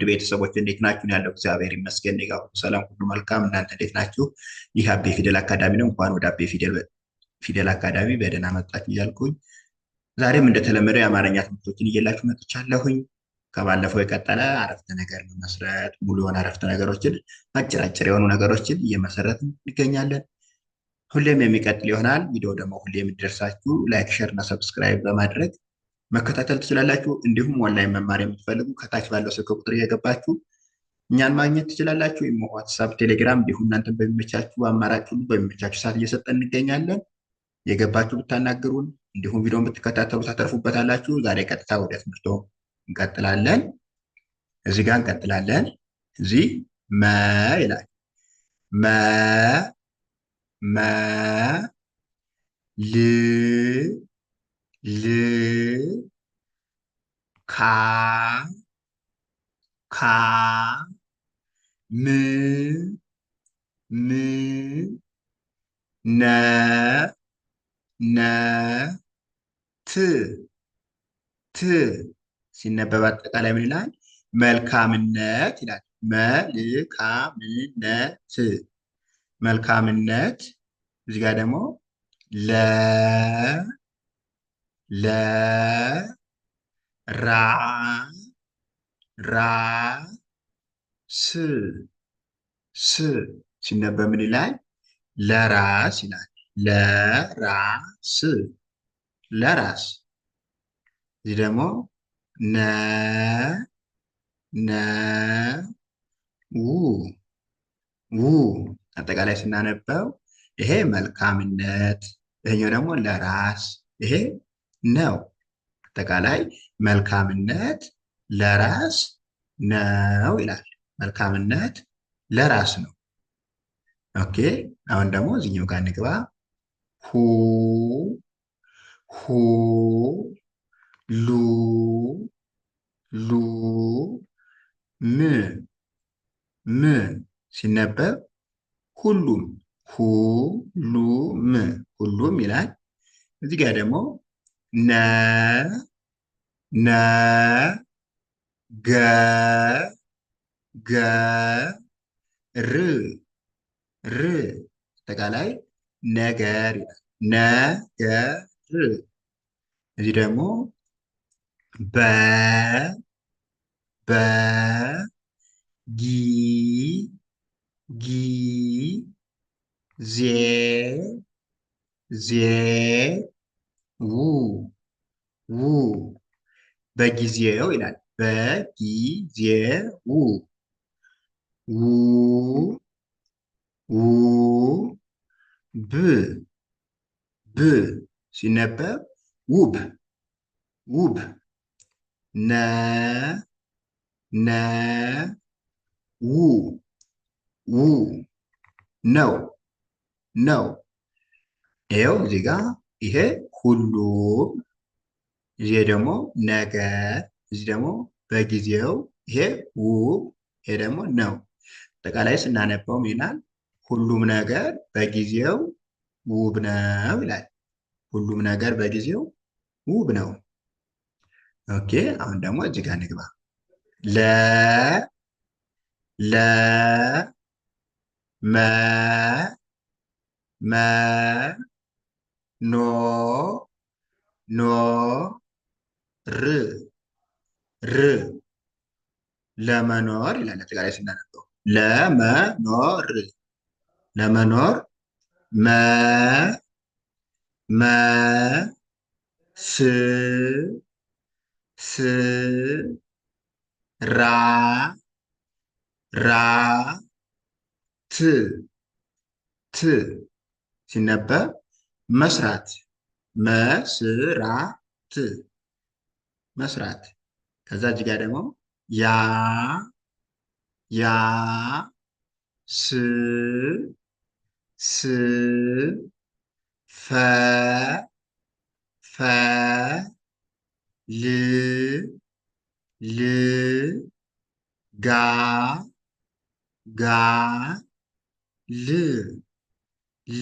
ውድ ቤተሰቦች እንዴት ናችሁ? ያለው እግዚአብሔር ይመስገን፣ ጋ ሰላም፣ ሁሉ መልካም። እናንተ እንዴት ናችሁ? ይህ አቤ ፊደል አካዳሚ ነው። እንኳን ወደ አቤ ፊደል አካዳሚ በደህና መጣችሁ እያልኩኝ ዛሬም እንደተለመደው የአማርኛ ትምህርቶችን እየላችሁ መጥቻለሁኝ። ከባለፈው የቀጠለ አረፍተ ነገር መመስረት፣ ሙሉ የሆነ አረፍተ ነገሮችን፣ አጭር አጭር የሆኑ ነገሮችን እየመሰረት እንገኛለን። ሁሌም የሚቀጥል ይሆናል። ቪዲዮ ደግሞ ሁሌ የሚደርሳችሁ ላይክ፣ ሸር እና ሰብስክራይብ በማድረግ መከታተል ትችላላችሁ። እንዲሁም ኦንላይን መማር የምትፈልጉ ከታች ባለው ስልክ ቁጥር እየገባችሁ እኛን ማግኘት ትችላላችሁ። ኢሞ፣ ዋትሳፕ፣ ቴሌግራም እንዲሁም እናንተን በሚመቻችሁ አማራጭ ሁሉ በሚመቻችሁ ሰዓት እየሰጠን እንገኛለን። የገባችሁ ብታናግሩን፣ እንዲሁም ቪዲዮን ብትከታተሉ ታተርፉበታላችሁ። ዛሬ ቀጥታ ወደ ትምህርቶ እንቀጥላለን። እዚህ ጋር እንቀጥላለን። እዚህ መ ይላል መ መ ል ል ካ ካ ም ም ነ ነ ት ት ሲነበብ አጠቃላይ ምን ይላል? መልካምነት ይላል። መልካምነት መልካምነት እዚህ ጋር ደግሞ ለ ለ ራ ራ ስ ስ ሲነበብ ምን ይላል? ለራስ ይላል። ለራስ ለራስ። እዚህ ደግሞ ነ ነ ው ው አጠቃላይ ስናነበው ይሄ መልካምነት፣ ይሄኛው ደግሞ ለራስ ይሄ ነው። አጠቃላይ መልካምነት ለራስ ነው ይላል። መልካምነት ለራስ ነው። ኦኬ አሁን ደግሞ እዚህኛው ጋር እንግባ። ሁ ሁ ሉ ሉ ም ም ሲነበብ ሁሉም ሁሉም ሁሉም ይላል። እዚህ ጋር ደግሞ ነ ነ ገ ገ ር ር አጠቃላይ ነገር ይላል። ነገር እዚህ ደግሞ በ በ ጊ ጊ ዜ ዜ ው ው በጊዜው ይላል። በጊዜው ው ው ብ ብ ሲነበብ ውብ ውብ ነ ነ ው ው ነው ነው ይኸው እዚህ ጋ ይሄ ሁሉም እዚህ ደግሞ ነገር እዚህ ደግሞ በጊዜው ይሄ ውብ ይሄ ደግሞ ነው። አጠቃላይ ስናነበውም ይላል ሁሉም ነገር በጊዜው ውብ ነው ይላል። ሁሉም ነገር በጊዜው ውብ ነው። ኦኬ አሁን ደግሞ እዚህ ጋር ንግባ። ለ ለ መ መ ኖ ኖ ር ር ለመኖር ይላል። አጠቃላይ ስናነበው ለመኖር ለመኖር መ መ ስ ስ ራ ራ ት ት ሲነበብ መስራት መስራት መስራት ከዛ እጅ ጋር ደግሞ ያ ያ ስ ስ ፈ ፈ ል ል ጋ ጋ ል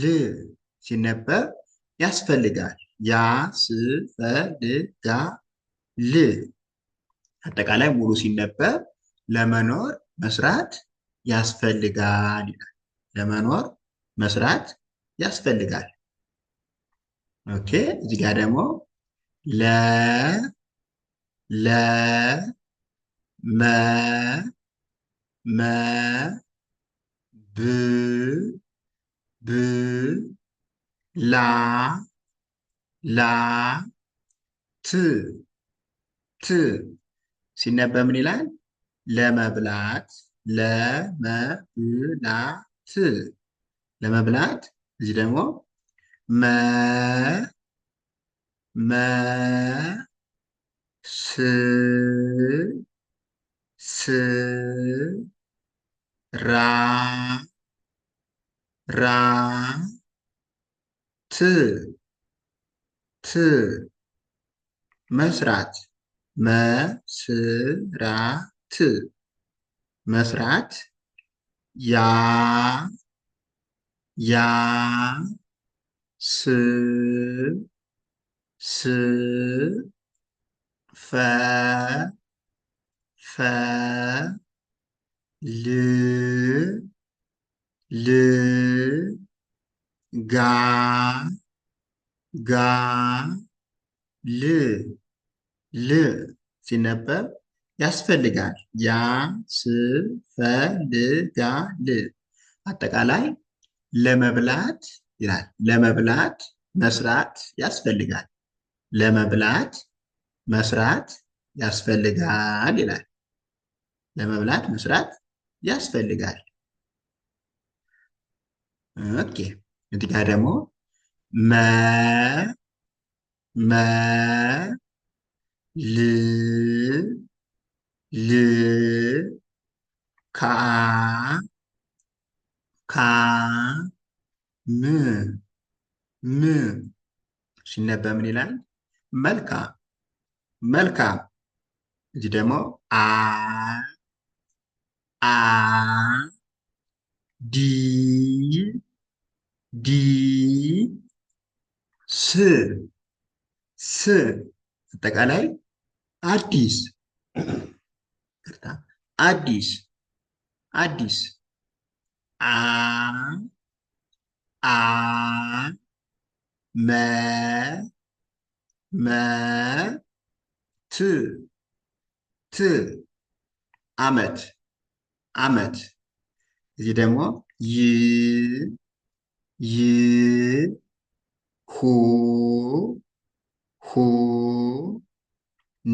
ል ሲነበብ ያስፈልጋል። ያስፈልጋል። አጠቃላይ ሙሉ ሲነበብ ለመኖር መስራት ያስፈልጋል ይላል። ለመኖር መስራት ያስፈልጋል። ኦኬ እዚህ ጋር ደግሞ ለ ለ መ መ ብ ብ ላ ላ ት ት ሲነበብ ምን ይላል? ለመብላት ለመብላት ለመብላት። እዚህ ደግሞ መ መ ስ ስ ራ ራ ት ት መስራት መስራት መስራት ያ ያ ስ ስ ፈ ፈ ል ል ጋ ጋ ል ል ሲነበብ ያስፈልጋል ያስፈልጋል አጠቃላይ ለመብላት ይላል። ለመብላት መስራት ያስፈልጋል። ለመብላት መስራት ያስፈልጋል ይላል። ለመብላት መስራት ያስፈልጋል። ኦኬ እዚህ ጋር ደግሞ መ መ ል ል ካ ካ ም ም ሲነበብ ምን ይላል? መልካም መልካም። እዚህ ደግሞ አ አ ዲ ዲ ስ ስ አጠቃላይ አዲስ አዲስ አዲስ አ አ መ መ ት ት አመት አመት እዚህ ደግሞ ይ ይ ሁ ሁ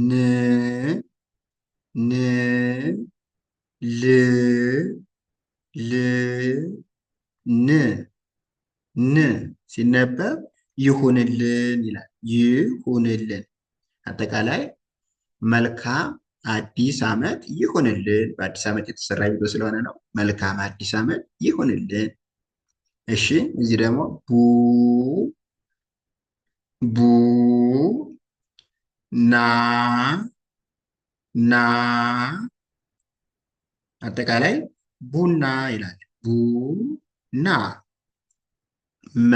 ን ን ል ል ን ን ሲነበብ ይሁንልን ይላል። ይሁንልን አጠቃላይ መልካም አዲስ ዓመት ይሁንልን። በአዲስ ዓመት የተሰራ ቪዲዮ ስለሆነ ነው። መልካም አዲስ ዓመት ይሁንልን። እሺ እዚህ ደግሞ ቡ ቡ ና ና አጠቃላይ ቡና ይላል። ቡና መ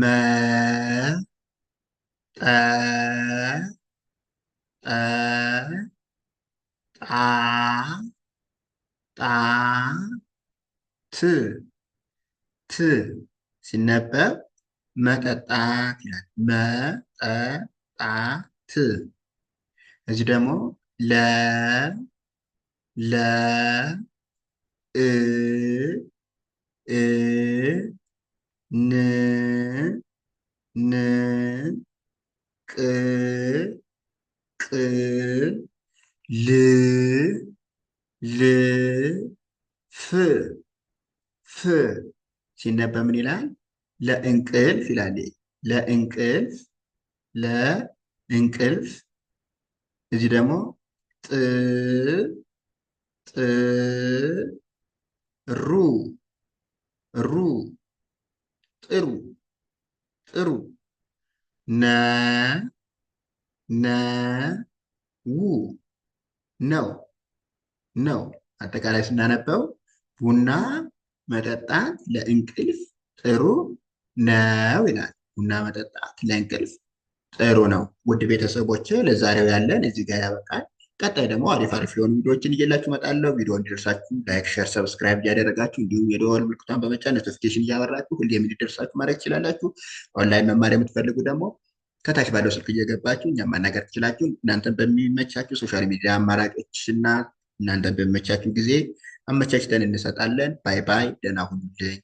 መ ጠ ጠ ጣ ጣ ት ት ሲነበብ መጠጣት ይላል። መጠጣት እዚህ ደግሞ ለ ለ እ እ ን ን ቅ ቅ ል ል ፍ ፍ ሲነበብ ምን ይላል? ለእንቅልፍ ይላል። ለእንቅልፍ ለእንቅልፍ እዚህ ደግሞ ጥ ጥ ሩ ሩ ጥሩ ጥሩ ነ ነ ው ነው ነው አጠቃላይ ስናነበው ቡና መጠጣት ለእንቅልፍ ጥሩ ነው ይላል። ቡና መጠጣት ለእንቅልፍ ጥሩ ነው። ውድ ቤተሰቦች ለዛሬው ያለን እዚህ ጋር ያበቃል። ቀጣይ ደግሞ አሪፍ አሪፍ የሆኑ ቪዲዮዎችን እየላችሁ እመጣለሁ። ቪዲዮ እንዲደርሳችሁ ላይክ፣ ሸር፣ ሰብስክራይብ እያደረጋችሁ እንዲሁም የደወል ምልክቷን በመጫን ኖቲፊኬሽን እያበራችሁ ሁሌም እንዲደርሳችሁ ማድረግ ትችላላችሁ። ኦንላይን መማሪያ የምትፈልጉ ደግሞ ከታች ባለው ስልክ እየገባችሁ እኛ ማናገር ትችላችሁ። እናንተን በሚመቻችሁ ሶሻል ሚዲያ አማራጮች እና እናንተ በመቻችሁ ጊዜ አመቻችተን እንሰጣለን። ባይ ባይ። ደህና ሁኑልኝ።